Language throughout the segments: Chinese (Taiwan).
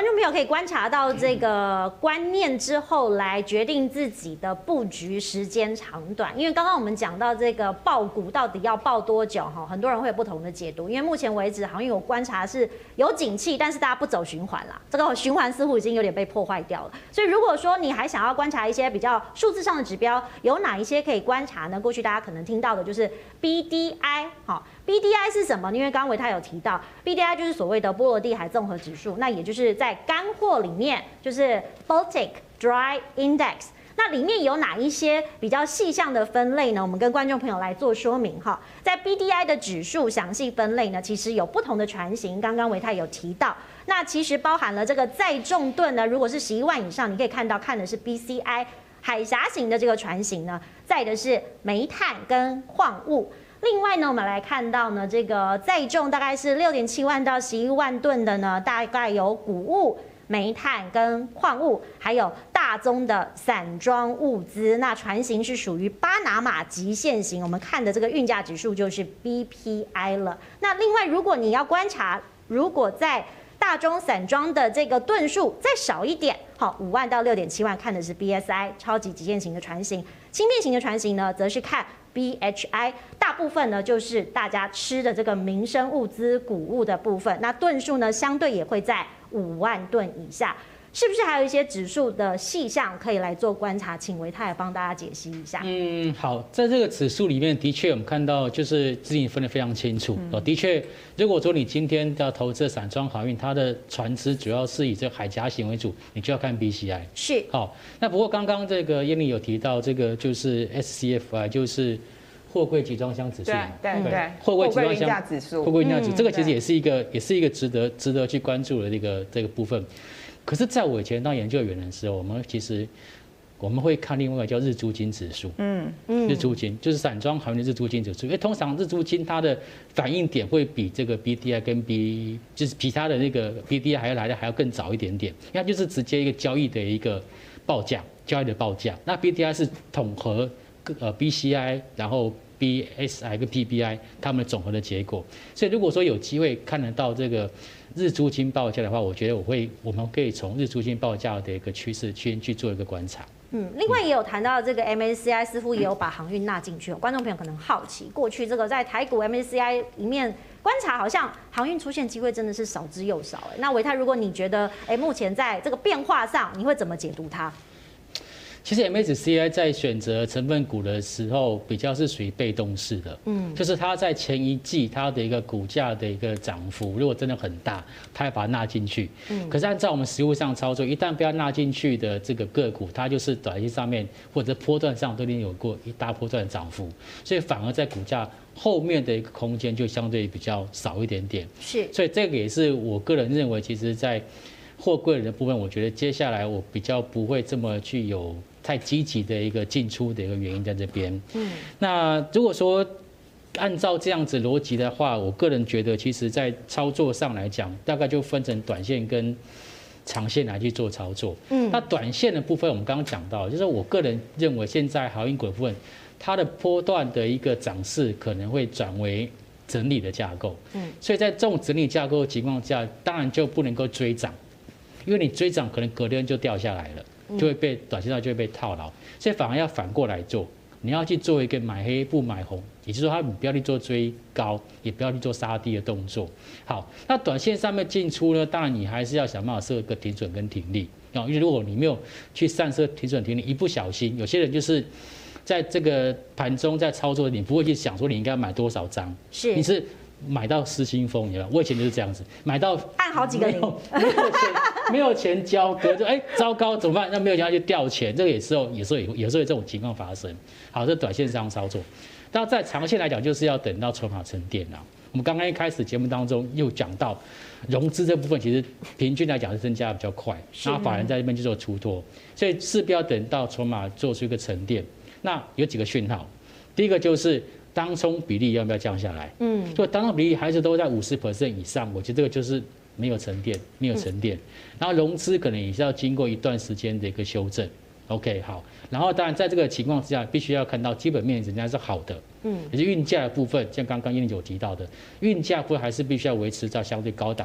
觀眾朋友可以觀察到這個觀念之後，來決定自己的布局時間長短。因為剛剛我們講到這個報股到底要報多久哈，很多人會有不同的解讀。因為目前為止，好像有觀察是有景氣，但是大家不走循環了，這個循環似乎已經有點被破壞掉了。所以如果說你還想要觀察一些比較數字上的指標，有哪一些可以觀察呢？過去大家可能聽到的就是 B D I 好 B D I 是什麼？因為剛剛唯泰有提到 B D I 就是所謂的波羅的海綜合指數，那也就是在在乾貨裡面就是 Baltic Dry Index，那裡面有哪一些比較細項的分類呢？我們跟觀眾朋友來做說明哈。在 B D I 的指數詳細分類呢，其實有不同的船型。剛剛唯泰有提到，那其實包含了這個載重噸呢，如果是十一萬以上，你可以看到看的是 B C I 海峽型的這個船型呢，載的是煤炭跟礦物。另外呢，我們來看到呢，這個載重大概是六點七萬到十一萬噸的呢，大概有谷物、煤炭跟礦物，還有大宗的散裝物資。那船型是屬於巴拿馬極限型，我們看的這個運價指數就是 BPI 了。那另外，如果你要觀察，如果在大宗散裝的這個噸數再少一點，好，五萬到六點七萬，看的是 BSI 超級極限型的船型。輕便型的船型呢，則是看 BHI，大部分呢就是大家吃的這個民生物資、穀物的部分，那噸數呢相對也會在五萬噸以下。是不是還有一些指數的細項可以來做觀察？請唯泰幫大家解析一下。嗯，好，在這個指數裡面，的確我們看到就是自己分的非常清楚哦，嗯、的確，如果說你今天要投資散裝航運，它的船隻主要是以這個海岬型為主，你就要看 BCI。是。好，那不過剛剛這個燕俐有提到這個就是 SCFI，就是貨櫃集裝箱指數，對對貨櫃對對集裝箱貨櫃指數，貨櫃集裝箱這個其實也是一個對也是一個值得值得去關注的這個這個部分。可是，在我以前當研究員的時候，我們其實我們會看另外一個叫日租金指數，嗯嗯，日租金就是散裝航運的日租金指數，因為通常日租金它的反應點會比這個 BDI 跟 B 就是比它的那個 BDI 還要來得還要更早一點點，因為它就是直接一個交易的一個報價，交易的報價，那 BDI 是統合呃 BCI 然後。B S I 跟 P B I 他們的總和的結果，所以如果說有機會看得到這個日租金報價的話，我覺得我會，我們可以從日租金報價的一個趨勢去去做一個觀察。嗯，另外也有談到這個 M A C I 似乎也有把航運納進去喔。觀眾朋友可能好奇，過去這個在台股 M A C I 裡面觀察，好像航運出現機會真的是少之又少。哎，那唯泰，如果你覺得哎、欸、目前在這個變化上，你會怎麼解讀它？其實 MSCI 在選擇成分股的時候，比較是屬於被動式的，嗯，就是它在前一季它的一個股價的一個漲幅，如果真的很大，它要把它納進去。嗯，可是按照我們實務上操作，一旦不要納進去的這個個股，它就是短期上面或者是波段上都已經有過一大波段漲幅，所以反而在股價後面的一個空間就相對比較少一點點。是，所以這個也是我個人認為，其實，在貨櫃的部分，我覺得接下來我比較不會這麼去有。太積極的一個進出的一個原因在這邊。嗯，那如果說按照這樣子邏輯的話，我個人覺得，其實在操作上來講，大概就分成短線跟長線來去做操作。嗯，那短線的部分，我們剛剛講到，就是我個人認為，現在航運股份它的波段的一個漲勢可能會轉為整理的架構。嗯，所以在這種整理架構的情況下，當然就不能夠追漲，因為你追漲可能隔天就掉下來了。就會被短線上，就會被套牢，所以反而要反過來做，你要去做一個買黑不買紅，也就是說，他不要去做追高，也不要去做殺低的動作。好，那短線上面進出呢？當然，你還是要想辦法設一個停損跟停利啊，因為如果你沒有去善設停損停利，一不小心，有些人就是在這個盤中在操作，你不會去想說你應該買多少張，是你是。買到失心瘋，你知道，我以前就是這樣子，買到按好幾個零，沒有錢， 沒有錢交割，就哎、欸，糟糕，怎麼辦？那沒有錢去調錢，這個也是有時候，有時候也，有這種情況發生。好，這短線上操作，那在長線來講，就是要等到籌碼沉澱了。我們剛剛一開始節目當中又講到，融資這部分其實平均來講是增加的比較快，那法人在那邊去做出脫，所以勢必要等到籌碼做出一個沉澱。那有幾個訊號，第一個就是。當沖比例要不要降下來？嗯，就當沖比例還是都在五十 percent 以上，我覺得這個就是沒有沉澱，沒有沉澱。然後融資可能也是要經過一段時間的一個修正。OK，好。然後當然在這個情況之下，必須要看到基本面仍然是好的。嗯，也是運價的部分，像剛剛燕俐有提到的，運價部分還是必須要維持在相對高檔。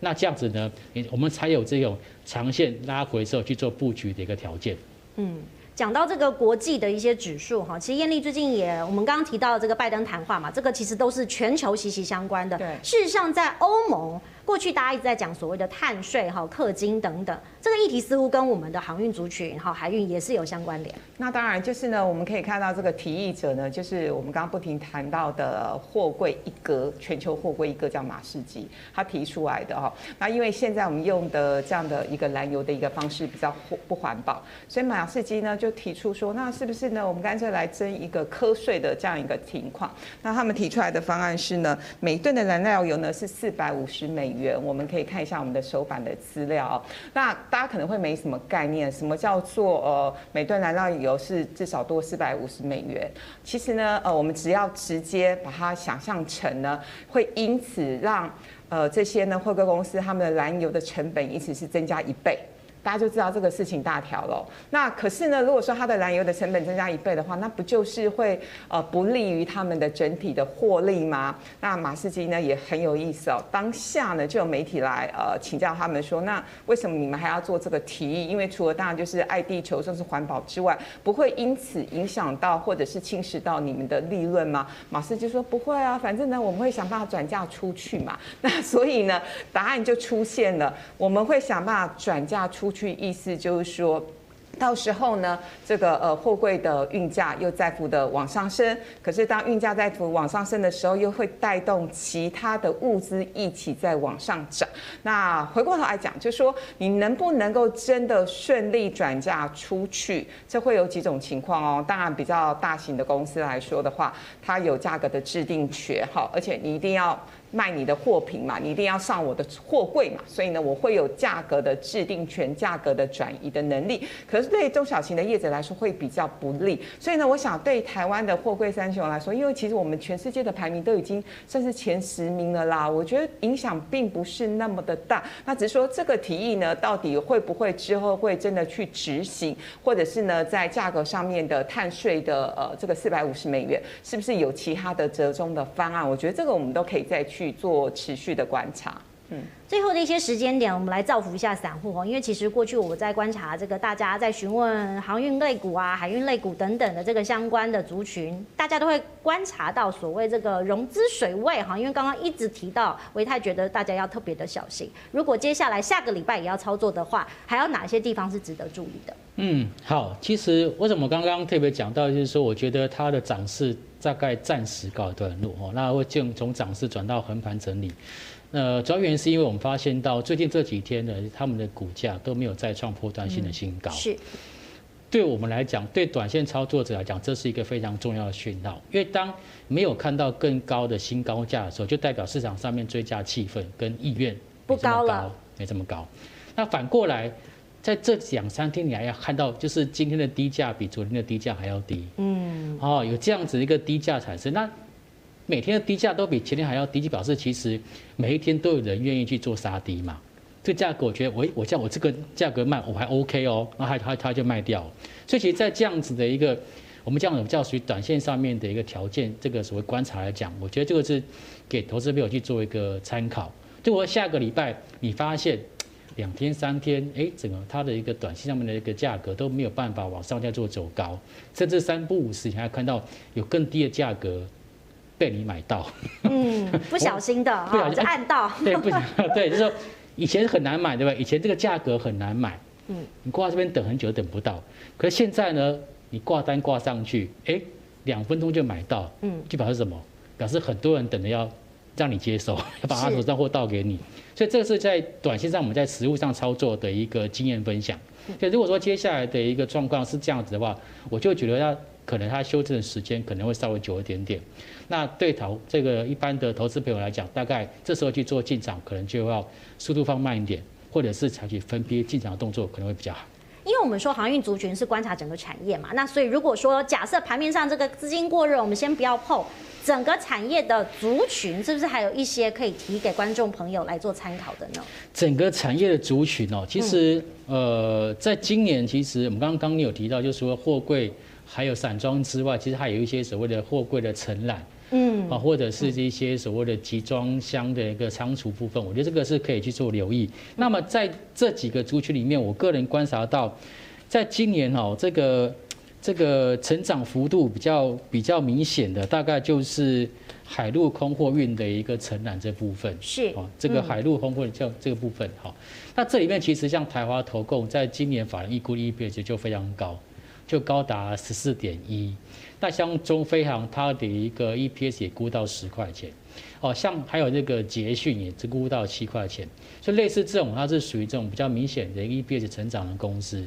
那這樣子呢，我們才有這種長線拉回之後去做布局的一個條件。嗯。講到這個國際的一些指數哈，其實燕俐最近也我們剛剛提到這個拜登談話嘛，這個其實都是全球息息相關的。對，事實上在歐盟。過去大家一直在講所謂的碳稅、哈、課金等等，這個議題似乎跟我們的航運族群、哈、海運也是有相關聯。那當然就是呢，我們可以看到這個提議者呢，就是我們剛剛不停談到的貨櫃一哥，全球貨櫃一哥叫馬士基，他提出來的哈、喔。那因為現在我們用的這樣的一個燃油的一個方式比較不環保，所以馬士基呢就提出說，那是不是呢？我們乾脆來徵一個課稅的這樣一個情況。那他們提出來的方案是呢，每噸的燃料油呢是四百五十美，我們可以看一下我們的手板的資料。那大家可能會沒什麼概念，什麼叫做呃，每噸燃料油是至少多四百五十美元。其實呢，呃，我們只要直接把它想象成呢，會因此讓呃這些呢，貨櫃公司他們的燃油的成本，因此是增加一倍。大家就知道這個事情大條了喔。那可是呢，如果說它的燃油的成本增加一倍的話，那不就是會呃不利於他們的整體的獲利嗎？那馬斯基呢也很有意思哦。當下呢就有媒體來呃請教他們說，那為什麼你們還要做這個提議？因為除了當然就是愛地球、甚至環保之外，不會因此影響到或者是侵蝕到你們的利潤嗎？馬斯基說不會啊，反正呢我們會想辦法轉嫁出去嘛。那所以呢答案就出現了，我們會想辦法轉嫁出。去意思就是說，到時候呢，這個呃貨櫃的運價又再幅的往上升。可是當運價再幅往上升的時候，又會帶動其他的物資一起在往上漲。那回過頭來講，就是說你能不能夠真的順利轉嫁出去？這會有幾種情況哦。當然，比較大型的公司來說的話，它有價格的制定權，好，而且你一定要。賣你的貨品嘛，你一定要上我的貨櫃嘛，所以呢，我會有價格的制定權、價格的轉移的能力。可是對中小型的業者來說會比較不利，所以呢，我想對台灣的貨櫃三雄來說，因為其實我們全世界的排名都已經算是前十名了啦，我覺得影響並不是那麼的大。那只是說這個提議呢，到底會不會之後會真的去執行，或者是呢，在價格上面的碳稅的呃這個四百五十美元，是不是有其他的折中的方案？我覺得這個我們都可以再去。去做持續的觀察。嗯，最後的一些時間點，我們來造福一下散戶哦，因為其實過去我在觀察這個，大家在詢問航運類股啊、海運類股等等的這個相關的族群，大家都會觀察到所謂這個融資水位哈。因為剛剛一直提到，唯泰覺得大家要特別的小心。如果接下來下個禮拜也要操作的話，還有哪些地方是值得注意的？嗯，好。其實為什麼剛剛特別講到，就是說，我覺得它的漲勢大概暫時告一段落，那會就從漲勢轉到橫盤整理。那、呃、主要原因是因為我們發現到最近這幾天呢，他們的股價都沒有再創破斷性的新高。嗯、是。對我們來講，對短線操作者來講，這是一個非常重要的訊號，因為當沒有看到更高的新高價的時候，就代表市場上面追價氣氛跟意願不高了，沒這麼高。那反過來。在這兩三天，你還要看到，就是今天的低價比昨天的低價還要低。嗯，哦，有這樣子一個低價產生，那每天的低價都比前天還要低，就表示其實每一天都有人願意去做殺低嘛。這價格，我覺得我我叫我這個價格賣我還 OK 哦，那還它他就賣掉了。所以其實，在這樣子的一個我們這樣種叫屬於短線上面的一個條件，這個所謂觀察來講，我覺得這個是給投資朋友去做一個參考。就我下個禮拜，你發現。兩天三天，哎、欸，整個它的一個短線上面的一個價格都沒有辦法往上再做走高，甚至三不五時你還看到有更低的價格被你買到，嗯，不小心的，啊，按到，對不，對，就是說以前很難買，對吧？以前這個價格很難買，嗯，你掛這邊等很久等不到，可是現在呢，你掛單掛上去，哎、欸，兩分鐘就買到，嗯，就表示什麼？表示很多人等著要。讓你接收，把他手上貨倒給你，所以這是在短線上我們在實務上操作的一個經驗分享。所以如果說接下來的一個狀況是這樣子的話，我就覺得他可能他修正的時間可能會稍微久一點點。那對投這個一般的投資朋友來講，大概這時候去做進場，可能就要速度放慢一點，或者是採取分批進場的動作，可能會比較好。因為我們說航運族群是觀察整個產業嘛，那所以如果說假設盤面上這個資金過熱，我們先不要碰整個產業的族群，是不是還有一些可以提給觀眾朋友來做參考的呢？整個產業的族群哦，其實、嗯、呃，在今年其實我們剛剛剛有提到，就是說貨櫃還有散裝之外，其實還有一些所謂的貨櫃的承攬。嗯啊，或者是這些所謂的集裝箱的一個倉儲部分，我覺得這個是可以去做留意。那麼在這幾個族群裡面，我個人觀察到，在今年哦，這個這個成長幅度比較比較明顯的，大概就是海陸空貨運的一個承攬這部分。是啊，這個海陸空貨運叫這個部分哈。那這裡面其實像台驊投控，在今年法人預估一倍率就非常高，就高達十四點一。那像中菲行，它的一個 EPS 也估到十塊錢，哦，像還有這個捷迅也只估到七塊錢，所以類似這種，它是屬於這種比較明顯的 EPS 成長的公司，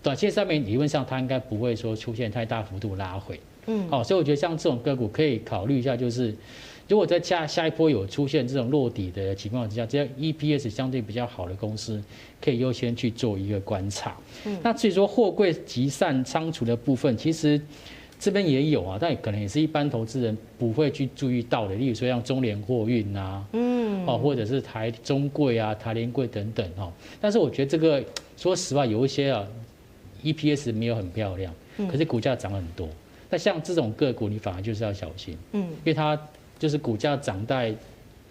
短期上面理論上它應該不會說出現太大幅度拉回，嗯，好、哦，所以我覺得像這種個股可以考慮一下，就是如果在下下一波有出現這種落底的情況之下，只要 EPS 相對比較好的公司，可以優先去做一個觀察。嗯，那至於說貨櫃集散倉儲的部分，其實。這邊也有啊，但也可能也是一般投資人不會去注意到的，例如說像中聯貨運啊，嗯，哦，或者是台中櫃啊、台聯櫃等等，啊，哈。但是我覺得這個，說實話，有一些啊，EPS 沒有很漂亮，可是股價漲很多。那，嗯，像這種個股，你反而就是要小心，嗯，因為它就是股價漲在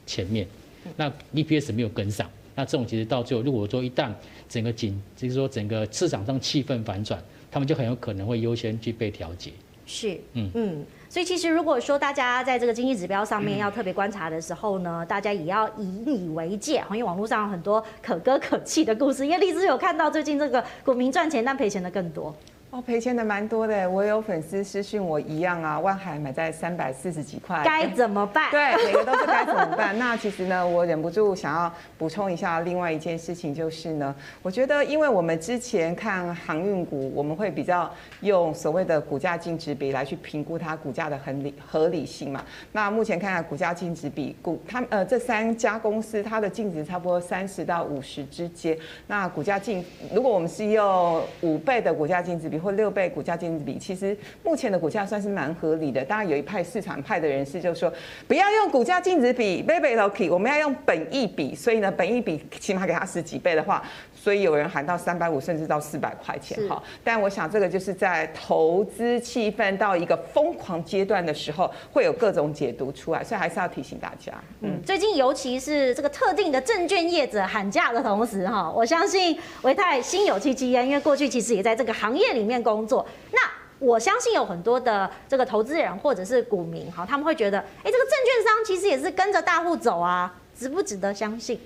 前面，那 EPS 沒有跟上，那這種其實到最後，如果說一旦整個景，就是說整個市場上氣氛反轉，他們就很有可能會優先去被調節。是，嗯嗯，所以其實如果說大家在這個經濟指標上面要特別觀察的時候呢，嗯、大家也要引以為戒，因為網絡上有很多可歌可泣的故事，因為歷史有看到最近這個股民賺錢，但賠錢的更多。哦，賠錢的蠻多的，我有粉絲私訊我一樣啊，萬海買在三百四十幾塊，該怎麼辦？欸，對，每個都是該怎麼辦？ 那其實呢，我忍不住想要補充一下，另外一件事情就是呢，我覺得因為我們之前看航運股，我們會比較用所謂的股價淨值比來去評估它股價的合理合理性嘛。那目前看看股價淨值比，股它呃這三家公司它的淨值差不多三十到五十之間，那股價淨如果我們是用五倍的股價淨值比。或六倍股價淨值比，其實目前的股價算是蠻合理的。當然，有一派市場派的人士就說，不要用股價淨值比，Baby Loki，我們要用本益比。所以呢，本益比起碼給他十幾倍的話。所以有人喊到三百五，甚至到四百塊錢哈，是 但我想這個就是在投資氣氛到一個瘋狂階段的時候，會有各種解讀出來，所以還是要提醒大家、嗯。嗯，最近尤其是這個特定的證券業者喊價的同時哈，我相信唯泰心有戚戚焉，因為過去其實也在這個行業裡面工作。那我相信有很多的這個投資人或者是股民哈，他們會覺得，哎、欸，這個證券商其實也是跟着大戶走啊，值不值得相信？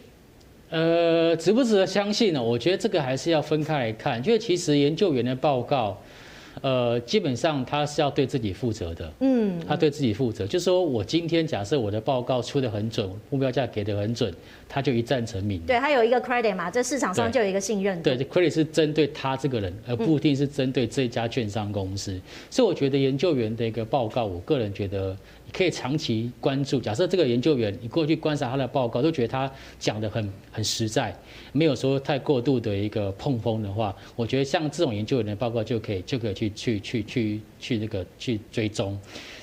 呃，值不值得相信呢？我覺得這個還是要分開來看，因為其實研究員的報告，呃，基本上他是要對自己負責的。嗯。他對自己負責，就是說我今天假設我的報告出得很準，目標價給得很準，他就一戰成名。對，他有一個 credit 嘛，這市場上就有一個信任的對。對，credit 是針對他這個人，而不一定是針對這家券商公司。嗯。所以我覺得研究員的一個報告，我個人覺得。可以長期關注。假設這個研究員，你過去觀察他的報告，都覺得他講得很很實在，沒有說太過度的一個碰風的話，我覺得像這種研究員的報告就可以就可以去去去去去、這、那個去追蹤。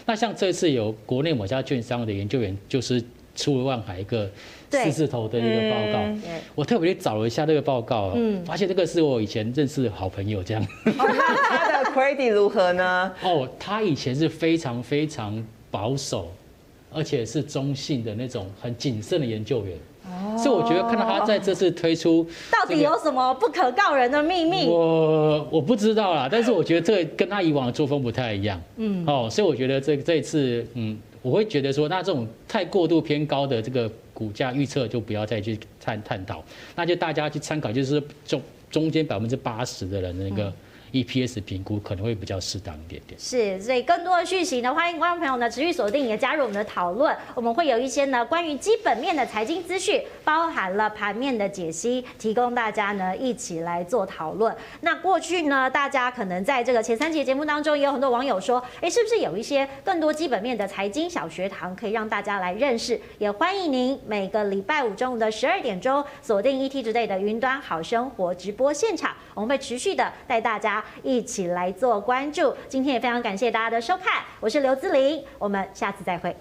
那像這次有國內某家券商的研究員，就是出了萬海一個四字頭的一個報告，對嗯、我特別去找了一下這個報告，嗯，發現這個是我以前認識的好朋友，這樣，哦、那他的 credit 如何呢？哦，他以前是非常非常。保守，而且是中性的那種很謹慎的研究員，哦、所以我覺得看到他在這次推出、那個，到底有什麼不可告人的秘密？我我不知道啦，但是我覺得這跟他以往的作風不太一樣。嗯，哦，所以我覺得這這一次，嗯，我會覺得說，那這種太過度偏高的這個股價預測，就不要再去探探討，那就大家去參考，就是中中間百分之八十的人那個。嗯 EPS 評估可能會比較適當一點點。是，所以更多的訊息呢，歡迎觀眾朋友呢持續鎖定，也加入我們的討論。我們會有一些呢關於基本面的財經資訊，包含了盤面的解析，提供大家呢一起來做討論。那過去呢，大家可能在這個前三集節目當中，也有很多網友說，哎、欸，是不是有一些更多基本面的財經小學堂，可以讓大家來認識？也歡迎您每個禮拜五中午的十二點鐘，鎖定 ETtoday 的雲端好生活直播現場，我們會持續的帶大家。一起來做關注，今天也非常感謝大家的收看，我是劉姿玲，我們下次再會。